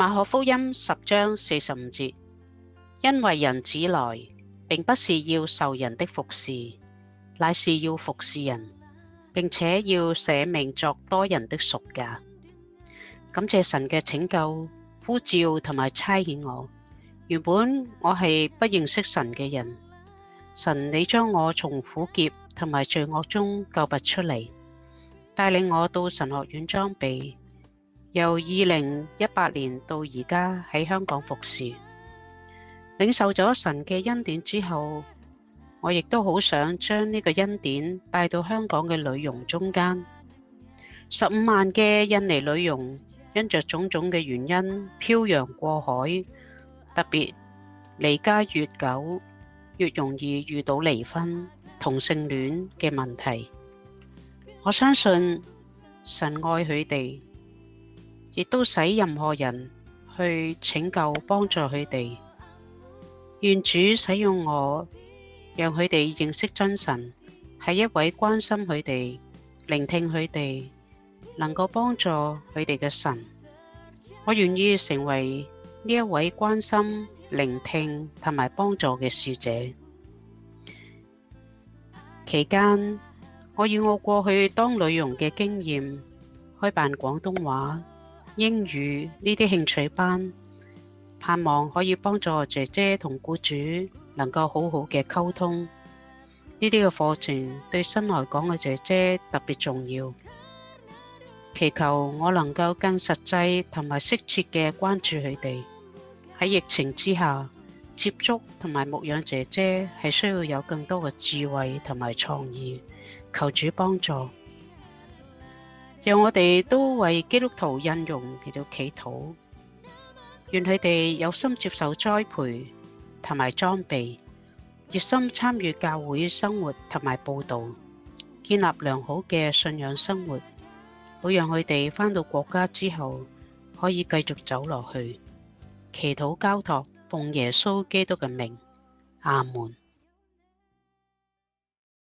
馬可福音十章四十五節，因為人子來，並不是要受人的服侍，乃是要服侍人，並且要捨命作多人的贖價。感謝神嘅拯救、呼召同埋差遣我。原本我係不認識神嘅人，神你將我從苦劫同埋罪惡中救拔出嚟，帶領我到神學院裝備。由二零一八年到而家喺香港服侍，領受咗神嘅恩典之後，我亦都好想將呢個恩典帶到香港嘅女傭中間。十五萬嘅印尼女傭因着種種嘅原因漂洋過海，特別離家越久，越容易遇到離婚、同性戀嘅問題。我相信神愛佢哋。亦都使任何人去拯救幫助佢哋。願主使用我，讓佢哋認識真神，係一位關心佢哋、聆聽佢哋、能夠幫助佢哋嘅神。我願意成為呢一位關心、聆聽同埋幫助嘅使者。期間，我以我過去當女傭嘅經驗開辦廣東話。英語呢啲興趣班，盼望可以幫助姐姐同僱主能夠好好嘅溝通。呢啲嘅課程對新來港嘅姐姐特別重要。祈求我能夠更實際同埋適切嘅關注佢哋。喺疫情之下，接觸同埋牧養姐姐係需要有更多嘅智慧同埋創意。求主幫助。讓我哋都為基督徒應用佢做祈禱，願佢哋有心接受栽培同埋裝備，熱心參與教會生活同埋佈道，建立良好嘅信仰生活，好讓佢哋返到國家之後可以繼續走落去祈禱交託奉耶穌基督嘅名，阿門。